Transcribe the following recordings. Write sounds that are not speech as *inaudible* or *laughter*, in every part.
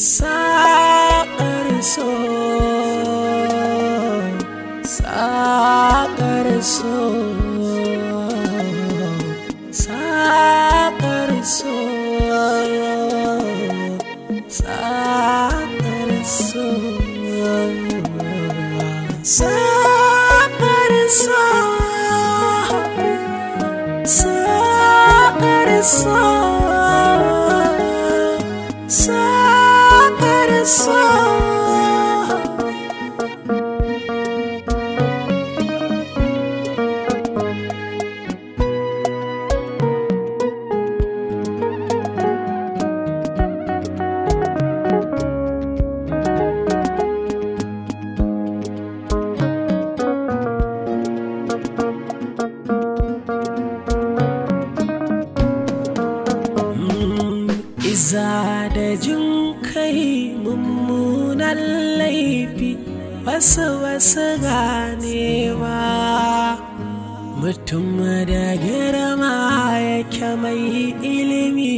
saƙar so so wasu wasu ganewa mutum da girma yake mai ilimi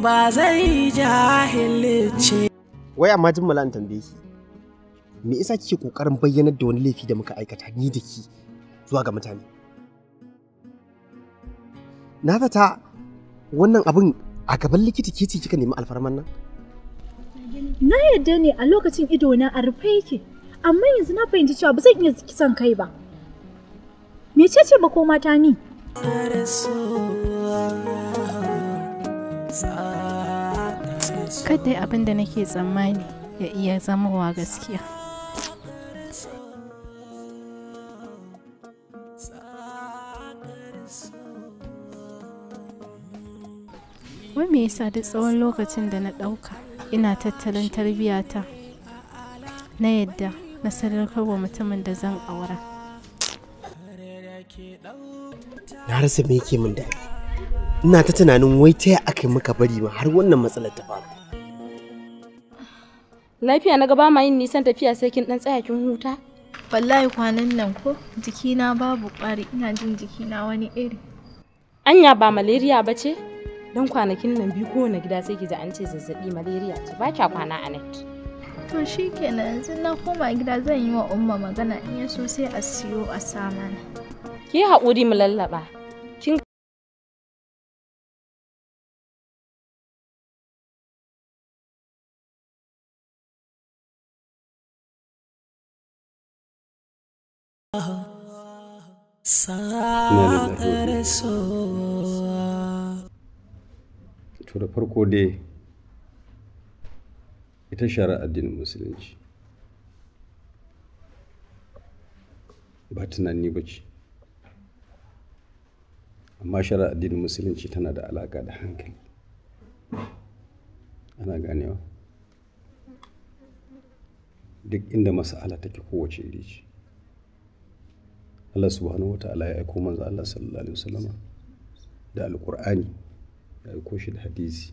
ba zai jahilce wai amma jin mala'an tambaye ki me isa kike kokarin bayyanar da wani laifi da muka aikata ni da ki zuwa ga mutane na fata wannan abin a gaban likita ke ce kika nemi alfarman nan na yadda ne a lokacin idona a rufe yake amma yanzu na fahimci cewa ba zan iya kisan kai ba ce ba ko mata ni kada abin da nake tsammani ya iya zamowa gaskiya wai me yasa duk tsawon lokacin da na ɗauka ina tattalin tarbiyyata na yadda na wa mutumin da zan aura na rasa me yake min daɗi ina ta tunanin wai ta yi aka yi muka bari ma har wannan matsalar ta faru lafiya na gaba ma yin nisan tafiya sai kin dan tsaya kin huta wallahi kwanan nan ko jikina babu ƙwari ina jin jikina wani iri anya ba malaria ba ce don kwanakin nan biyu kowane gida sai ki ji an ce zazzabi malaria ce ba kya kwana a net to shi kenan yanzu na koma gida zan yi wa umma magana in yaso sai a siyo a sama ki haƙuri mu lallaba To da farko dai ita shara addinin musulunci ba tunani ba ce amma shara addinin musulunci tana da alaka da hankali ana ganewa duk inda masala take kowace iri ce Allah subhanahu wa ta'ala ya aiko manzo Allah sallallahu alaihi wasallama da alkur'ani ya aiko shi da hadisi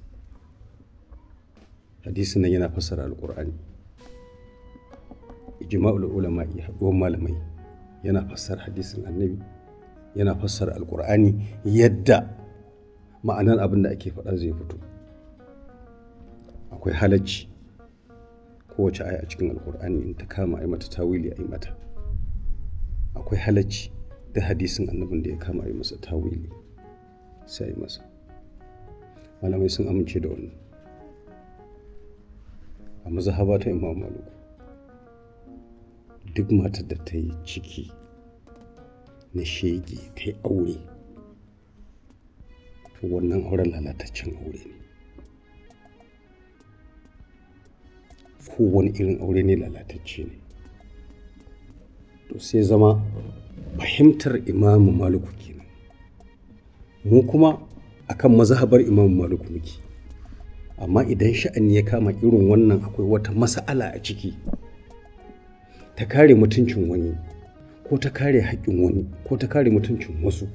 hadisin nan yana fassara alkur'ani ijma'ul ulama haɗuwar malamai yana fassara hadisin annabi yana fassara alkur'ani yadda ma'anar abin da ake faɗa zai fito akwai halacci kowace aya a cikin alkur'ani in ta kama a mata tawili a mata akwai halacci da hadisin annabin da ya kama a masa tawili sai a masa malamai sun amince da wannan a mazahaba ta imam malik duk mata da ta yi ciki na shege ta yi aure to wannan auren lalataccen aure ne wani irin aure ne lalatacce ne to sai zama fahimtar imamu maluku kenan mu kuma akan mazhabar imamu maluku muke amma idan sha'ani ya kama irin wannan akwai wata mas'ala a ciki ta kare mutuncin wani ko ta kare haƙƙin wani ko ta kare mutuncin wasu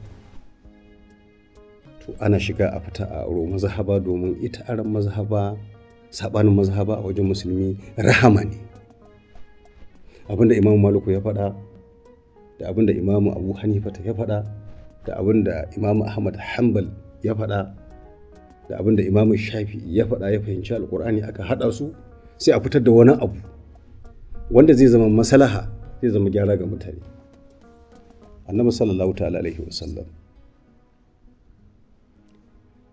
to ana shiga a fita a aro mazhaba domin ita aron mazhaba sabanin mazhaba a wajen musulmi rahama ne abinda imamu maluku ya faɗa da abinda imamu abu hanifa ya faɗa da abinda imam ahmad hanbal ya faɗa da abin da imamu shafi ya faɗa ya fahimci alƙur'ani aka haɗa su sai a fitar da wani abu wanda zai zama masalaha zai zama gyara ga mutane annabi sallallahu ta'ala alaihi sallam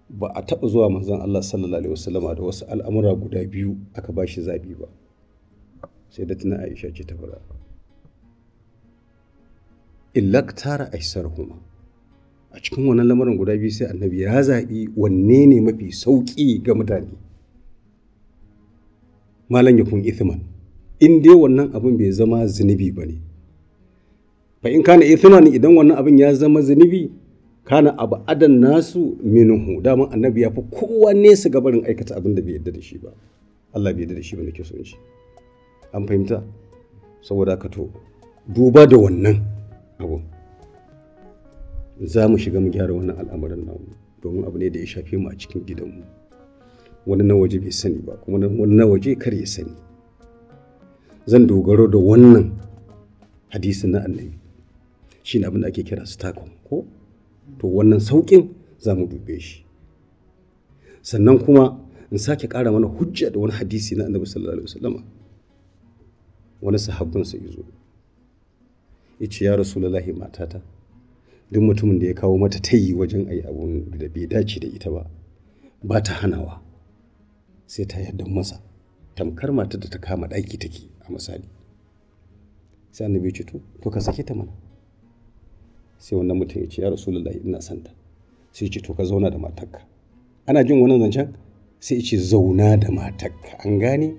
ba a taɓa zuwa manzon Allah sallallahu alaihi sallama da wasu al'amura guda biyu aka ba shi zabi ba sai da tuna Aisha ce ta fara illaktara kuma. a cikin wannan lamarin guda biyu sai annabi ya zaɓi wanne ne mafi sauƙi ga mutane malam yakun ithman in dai wannan abin bai zama zunubi ba ne fa in kana ithman idan wannan abin ya zama zunubi kana abu adan nasu minuhu daman annabi ya fi kowa nesa ga barin aikata abin da bai yadda da shi ba Allah bai yadda da shi ba nake son shi an fahimta saboda ka to duba da wannan abun za mu shiga mu gyara wannan al'amarin namu domin abu ne da ya shafe mu a cikin gidanmu wani na waje bai sani ba kuma wani na waje kar ya sani zan dogaro da wannan hadisi na annabi shi ne abin da ake kira stakon ko to wannan sauƙin za mu dube shi sannan kuma in sake ƙara mana hujja da wani hadisi na annabi sallallahu alaihi wasallama wani sahabbinsa ya zo ya ce ya rasulullahi matata duk mutumin da ya kawo mata tayi wajen ayi abun da bai dace da ita ba ba ta hanawa sai ta yarda masa tamkar matar da ta kama ɗaki take a misali sai annabi ce to to ka sake ta mana sai wannan mutum ya ce ya rasulullahi ina son ta sai ce to ka zauna da matarka ana jin wannan zancen sai ce zauna da matarka an gane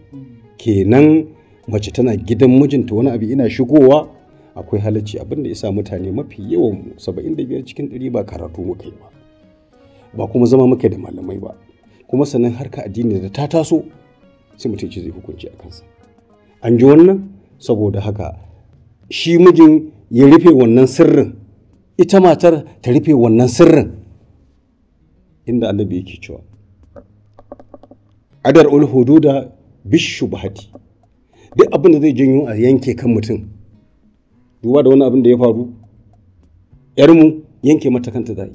kenan mace tana gidan mijinta wani abu ina shigowa akwai halacci abin da sa mutane mafi yawan mu 75 cikin ɗari ba karatu muka yi ba ba kuma zama muka da malamai ba kuma sannan harka addini da ta taso sai mutum ce zai hukunci a kansa an ji wannan saboda haka shi mijin ya rufe wannan sirrin ita matar ta rufe wannan sirrin inda annabi yake cewa adar ul hududa bahati duk abin da zai janyo a yanke kan mutum duba da wani abin da ya faru yarmu yanke mata kanta za yi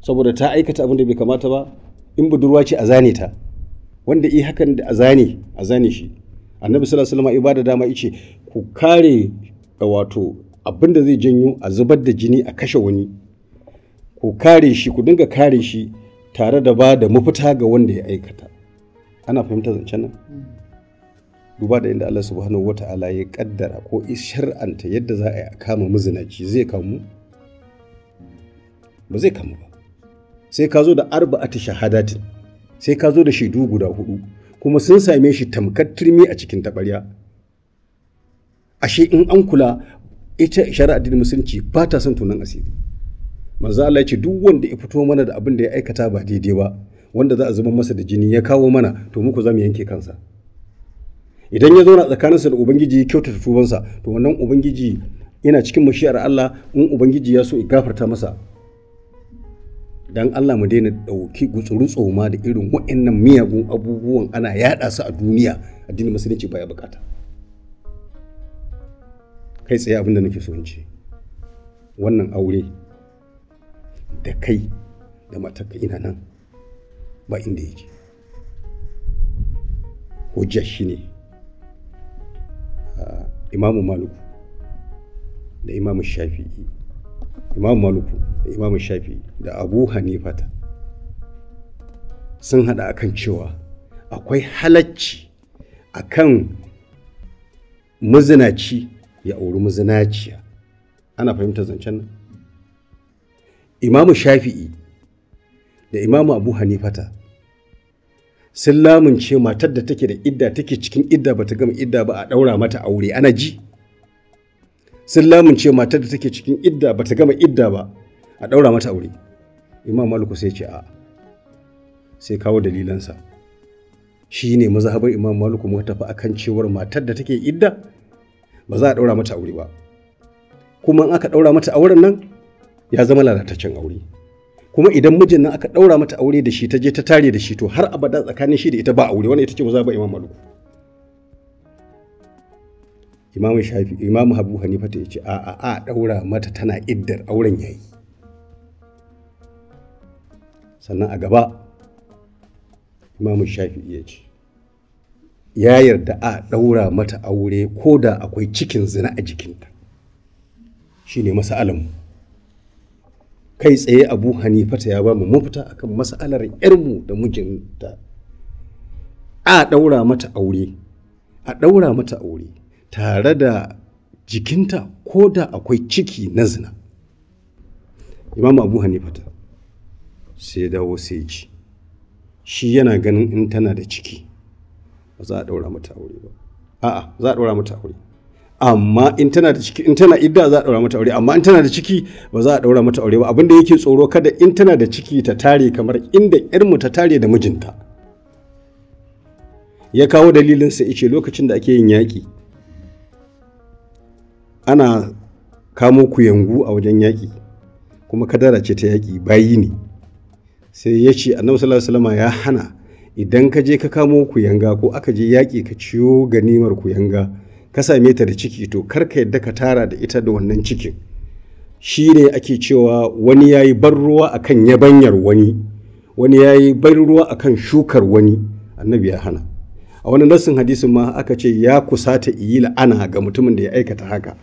saboda ta aikata abin da bai kamata ba in budurwa ce a zane ta wanda i hakan da a zane a zane shi annabi sallallahu alaihi wasallam ibada dama yace ku kare wato abin da zai janyo a zubar da jini a kashe wani ku kare shi ku dinga kare shi tare da ba da mafita ga wanda ya aikata ana fahimta zancen nan mm. duba da inda Allah subhanahu ta'ala ya kaddara ko shar'anta yadda za a kama mazinaci zai kamu ba zai kamu ba sai ka zo da arba'ati shahadatin sai ka zo da shaidu guda hudu kuma sun same shi tamkar turmi a cikin taɓarya ashe in an kula ita shari'a addinin musulunci ba ta son tunan asiri manzo Allah ya ce duk wanda ya fito mana da abin da ya aikata ba daidai ba wanda za a zuba masa da jini ya kawo mana to muku za mu yanke kansa idan ya zauna tsakaninsa da ubangiji ya kyautata tubansa to wannan ubangiji yana cikin mashi'ar Allah in ubangiji ya so ya gafarta masa dan Allah mu daina dauki gutsuru tsoma da irin wa'annan miyagun abubuwan ana yada su a duniya addinin musulunci baya bukata kai tsaye abinda nake so in ce wannan aure da kai da matarka ina nan ba inda yake hujjar shi ne imamu maluku da imamu shafi'i imamu maluku da imamu shafi'i da abu hanifata sun hada akan cewa akwai halacci akan mazinaci ya auri mazinaciya ana fahimtar zancen nan imamu shafi'i da imamu abu hanifata sun lamunce matar da take da idda take cikin idda bata gama idda ba a ɗaura mata aure ana ji sun lamunce matar da take cikin idda bata gama idda ba a ɗaura mata aure imam maliku sai ce a sai kawo dalilansa shi ne mazhabar imam maliku mu tafi akan cewar matar da take idda ba za a ɗaura mata aure ba kuma in aka ɗaura mata auren nan ya zama lalataccen aure kuma idan mijin nan aka daura mata aure da shi ta je ta tare da shi to har abada tsakanin shi da ita ba aure wannan ita ce ba imam malik imamu shafi imamu habu hanifa ta ce a a a daura mata tana iddar auren yayi sannan a gaba imamu shafi ya ce ya yarda a daura mata aure ko da akwai cikin zina a jikinta shine masa alamu. kai tsaye abu ta ya ba mu mafita akan mas'alar yarmu da mijinta a daura mata aure a daura mata aure tare da jikinta ko da akwai ciki na zina imam abu ta sai ya dawo sai ci shi yana ganin in tana da ciki za a daura mata aure ba a'a za a daura mata aure amma in tana da ciki in tana idda za a daura mata aure amma in tana da ciki ba za a daura mata aure ba abinda yake tsoro kada in tana da ciki ta tare kamar inda yar mu ta tare da mijinta ya kawo dalilin sa ice lokacin da ake yin yaƙi ana kamo kuyangu a wajen yaƙi kuma kadara ce ta yaki bayi ne sai ya ce annabi sallallahu alaihi ya hana idan ka je ka kamo kuyanga ko aka je yaki ka ciyo ganimar kuyanga ka same ta da ciki to kar ka yadda ka tara da ita da wannan cikin shi ne ake cewa wani ya yi ban ruwa a kan yabanyar wani wani ya yi ban ruwa a kan shukar wani annabi ya hana a wani nassin hadisin ma aka ce ya kusa ta iyi la'ana ga mutumin da ya aikata haka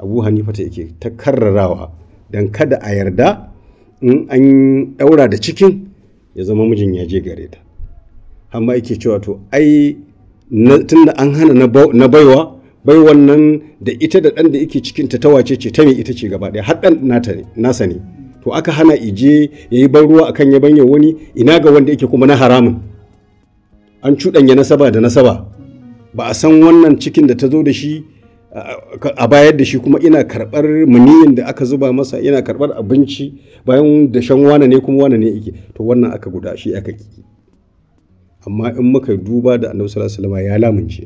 abu hanifa ta yake ta karrarawa don kada a yarda in an ɗaura da cikin ya zama mijin ya je gare ta amma cewa to ai da an hana na baiwa bai wannan da ita da ɗan da yake cikin ta tawace ce ta mai ita ce gaba ɗaya har ɗan nasa ne to aka hana ije ya yi ban ruwa akan ya banye wani ina ga wanda yake kuma na haramun an cuɗanya nasaba da nasaba ba a san wannan cikin da ta zo da shi a bayar da shi kuma ina karɓar muniyin da aka zuba masa ina karɓar abinci bayan da shan wane ne kuma wane ne yake to wannan aka guda shi aka ki amma in muka duba da annabi sallallahu alaihi wasallam ya lamunce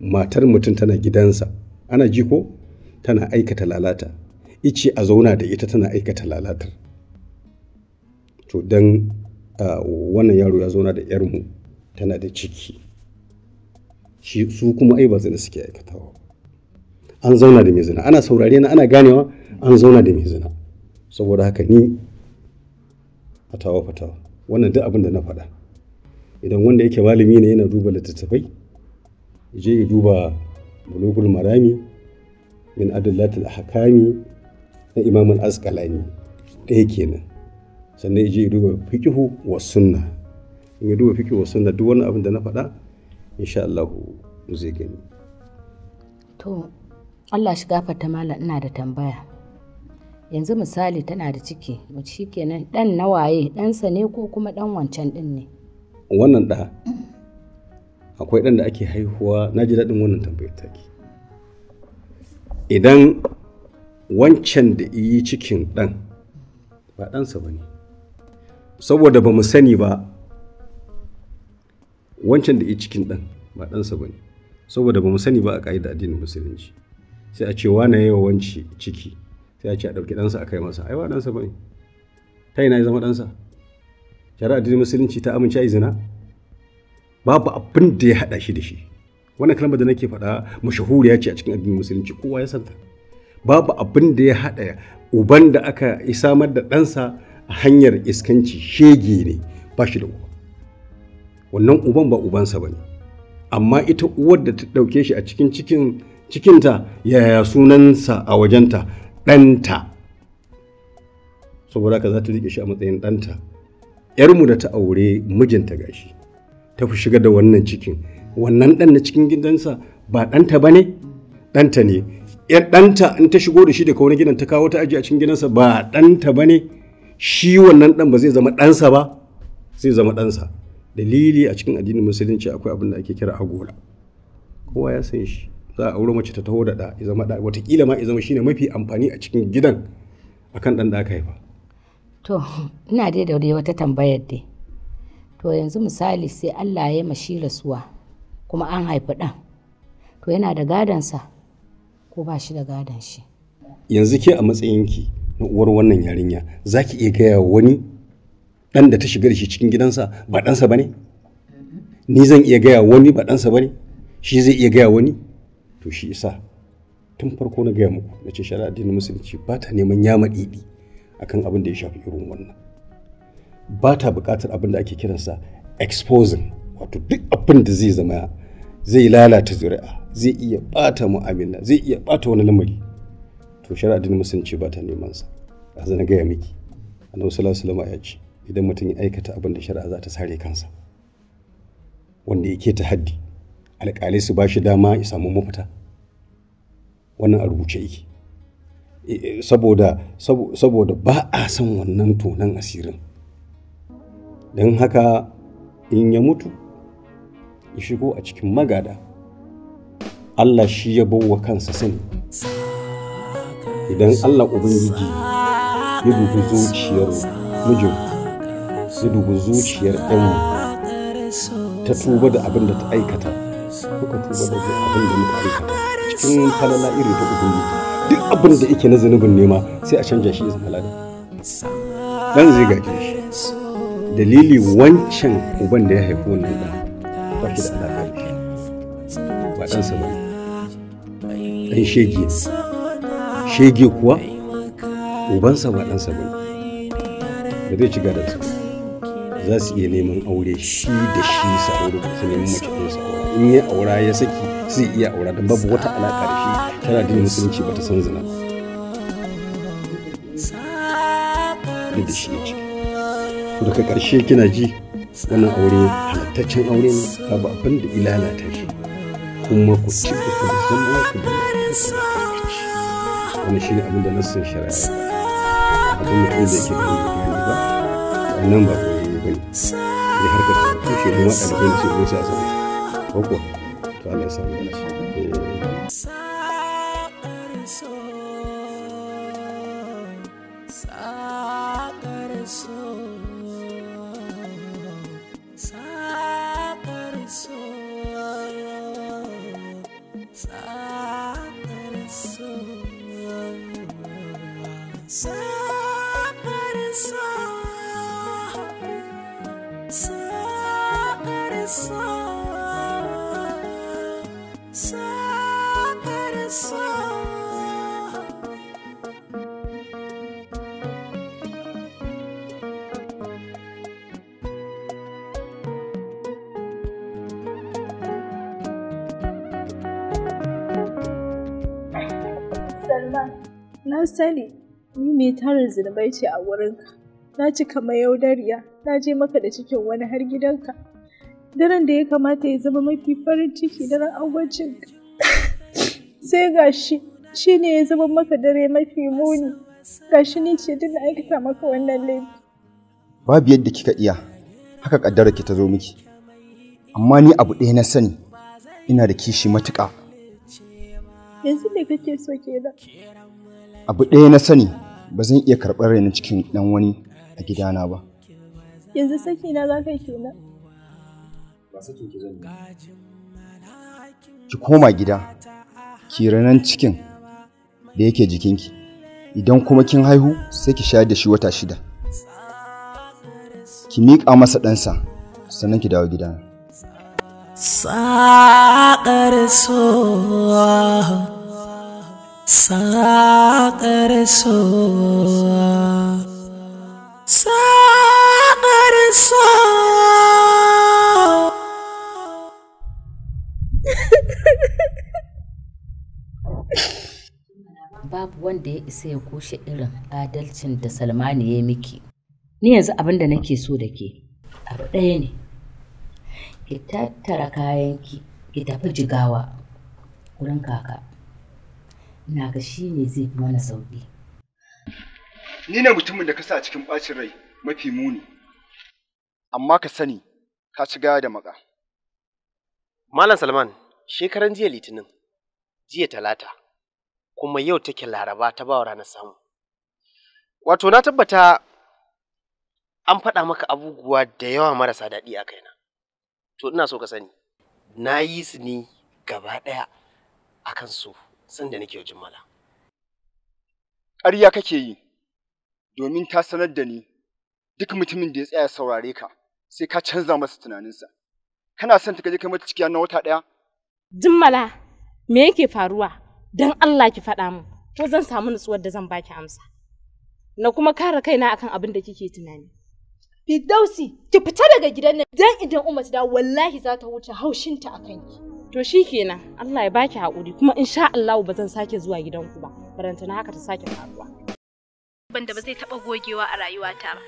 matar mutum tana gidansa ana ji ko tana aikata lalata ice a zauna da ita tana aikata lalatar to dan wannan yaro ya zauna da yarmu tana da ciki shi su kuma ai ba zina suke aikatawa an zauna da mai zina ana saurare na ana ganewa an zauna da mai zina saboda haka ni fatawa fatawa wannan duk abin da na faɗa idan wanda yake malami ne yana duba littattafai je ya duba bulugul marami min adullatul hakami na imam al-asqalani ɗaya kenan sannan ya je ya duba fiqhu wa sunna in ya duba fiqhu wa sunna duk wani abin da na faɗa insha Allah zai gani to Allah shi gafarta mala ina da tambaya yanzu misali tana da ciki shi kenan dan nawaye sa ne ko kuma dan wancan din ne wannan ɗa akwai ɗan da ake haihuwa na ji daɗin wannan tambayar take idan wancan da yi cikin ɗan ba ɗansa ba ne saboda ba mu sani ba wancan da yi cikin ɗan ba ɗansa ba ne saboda ba mu sani ba a ƙa'ida addinin musulunci sai a ce wane yawa wanci ciki sai a ce a ɗauki ɗansa a kai masa ai ba ɗansa ba ne ta ina ya zama ɗansa shari'a da musulunci ta amince yi zina babu abin da ya hada shi da shi wannan kalmar da nake faɗa mashahuriya ce a cikin addinin musulunci kowa ya santa babu abin da ya hada uban da aka samar da ɗansa a hanyar iskanci shege ne ba shi da uba wannan uban ba ubansa ba ne amma ita uwar da ta ɗauke shi a cikin cikin cikinta yaya sunansa a wajenta ɗanta saboda haka za ta riƙe shi a matsayin ɗanta yarmu da ta aure mijinta gashi ta fi shiga da wannan cikin wannan ɗan na cikin gidansa ba ɗanta ba ne ɗanta ne yar ɗanta in ta shigo da shi da wani gidan ta kawo ta ajiye a cikin gidansa ba ɗanta ba ne shi wannan ɗan ba zai zama ɗansa ba zai zama ɗansa dalili a cikin addinin musulunci akwai abin da ake kira agola kowa ya san shi za a aure mace ta taho da ɗa ya zama ɗa watakila ma ya zama shine mafi amfani a cikin gidan akan ɗan da aka haifa to *laughs* ina dai da wata tambayar dai to yanzu misali sai Allah ya mashi rasuwa kuma an haifi ɗan to yana da gadansa ko ba shi da gadan shi yanzu ke a matsayinki na uwar wannan yarinya za ki iya gaya wani ɗan da ta shiga da shi cikin gidansa ba ɗansa ba ne ni zan iya gaya wani ba ɗansa ba ne shi zai iya gaya wani to shi isa tun farko na gaya muku na ce shari'a addinin musulunci ba ta neman yama ɗiɗi akan abin da ya shafi irin wannan ba ta buƙatar abin da ake kiransa exposing wato duk abin da zai zama zai lalata zuri'a zai iya bata mu'amala zai iya ɓata wani lamari to shari'a din musulunci ba ta neman sa a zana gaya miki annabi sallallahu alaihi wasallam ya ce idan mutum ya aikata abin da shari'a za ta sare kansa wanda yake ta haddi alƙalai su ba shi dama ya samu mafita wannan a rubuce yake saboda saboda ba a son wannan tonan asirin don haka in ya mutu ya shigo a cikin magada Allah shi ya bawa kansa sani idan Allah Ubangiji ya dubi zuciyar mijin ya dubi zuciyar ɗanmu ta tuba da abin da ta aikata kuka tuba da abin da muka aikata cikin falala iri ta Ubangiji abin da yake na zunubin nema sai a canja shi izin halada dan zai gaje shi dalili wancan uban da ya haifi wannan da ba shi da alaƙa da shi ba dan sa bane dan shege shege kuwa sa ba dan sa bane ba zai ci gadan sa za su iya neman aure shi da shi sa aure su neman mace ɗin sa in ya aura ya saki zai iya aura don babu wata alaƙa da shi matar da musulunci ba ta san zina ba da shi yake daga ƙarshe kina ji wannan aure halattaccen aure ne babu abin da ilalata shi kuma ku ci ku ku zama ku da wannan shi ne abin da nasu shari'a abin da inda yake kan bayani ba wannan ba ku ne ba ne ne harkar tushe ne waɗanda ba da su zo sa zama ko ku. to Allah ya samu da shi eh. Na sani, ni mai tarin zunubai ce a wurinka. Na cika mayaudariya na je maka da cikin wani har gidanka. Daren da ya kamata ya zama mafi farin ciki daren agwacinka. Sai ga shi, shi ne ya zama maka dare mafi muni. Ga shi ni ce duk aikata maka wannan laifi. Babu yadda kika iya, haka kaddara ki ta zo miki. Amma ni abu ɗaya na sani, ina da kishi matuƙa. Yanzu me kake so kenan? abu ɗaya na sani ba zan iya karɓar rainin cikin ɗan wani a gidana ba yanzu saki na za ka kenan ba sakin ki zan ki koma gida ki ranan cikin da yake jikinki idan kuma kin haihu sai ki shayar da shi wata shida ki miƙa masa ɗansa sannan ki dawo gidana Saƙar so saƙar sowa saƙar sowa babu wanda ya isa ya kushe irin adalcin da salmani ya miki ni yanzu abin da nake so da ke abu ɗaya ne ki tattara kayanki ki tafi jigawa wurin kaka ina ga shi ne zai fi mana sauƙi. Ni ne mutumin da ka sa a cikin ɓacin rai mafi muni, amma ka sani ka ci gaya da maka. Malam Salman, shekaran jiya Litinin, jiya Talata, kuma yau take Laraba ta bawa ranar samu. Wato na tabbata an faɗa maka abubuwa da yawa marasa daɗi a kaina. To ina so ka sani, na yi su ne gaba ɗaya a kan sanda nake jummala. Ƙarya kake yi, domin ta sanar da ni duk mutumin da ya tsaya saurare ka sai ka canza masa tunaninsa. Kana son ta kaje kai mata cikiya na wata ɗaya? Jummala, me yake faruwa? dan Allah ki faɗa min, ko zan samu nutsuwar da zan baki amsa. Na kuma kare kaina akan abin da kike tunani. Fidausi, ki fita daga gidan nan dan idan Umar ta dawo wallahi za ta wuce haushinta a kanki. to shi kenan Allah ya baki haƙuri kuma insha Allah ba zan sake zuwa gidanku ba na haka ta sake faruwa banda ba zai taɓa gogewa a rayuwata ba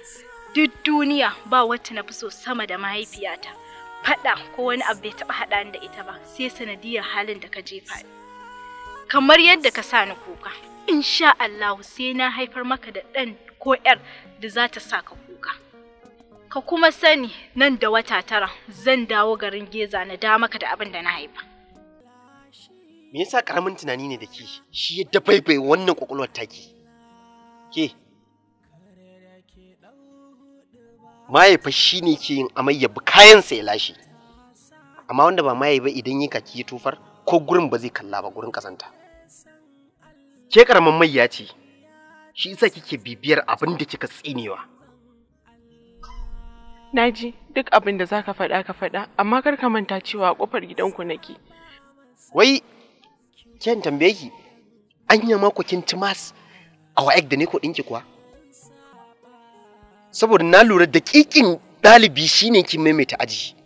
duk duniya ba wata na fi so sama da mahaifiyata faɗa ko wani abu bai taɓa haɗa ni da ita ba sai sanadiyar halin da ka je faɗi. kamar yadda ka sa ni kuka insha Allah sai na haifar maka da ɗan ko 'yar da za ta sa ka kuka Ka kuma sani nan da wata tara zan dawo garin Geza na da maka da abin da na haifa. Me yasa karamin tunani ne da ke shi ya dabaibai wannan kwakwalwar taki? Ke, mahaifa shi ne ke yin amai ya bi kayansa ya lashe. Amma wanda ba mahaifa idan yi kaki ya tufar ko gurin ba zai kalla ba gurin kasanta. Ke karamin mai ya ce, shi isa kike bibiyar abin da kika tsinewa. Naji duk abin da za ka faɗa ka faɗa, amma kar ka manta cewa ƙofar gidanku nake. Wai kyan tambaye ki anya yi mako kin mas a wa'ek da ne ko ɗinki kuwa? Saboda na lura da ɗalibi shine kin maimaita aji.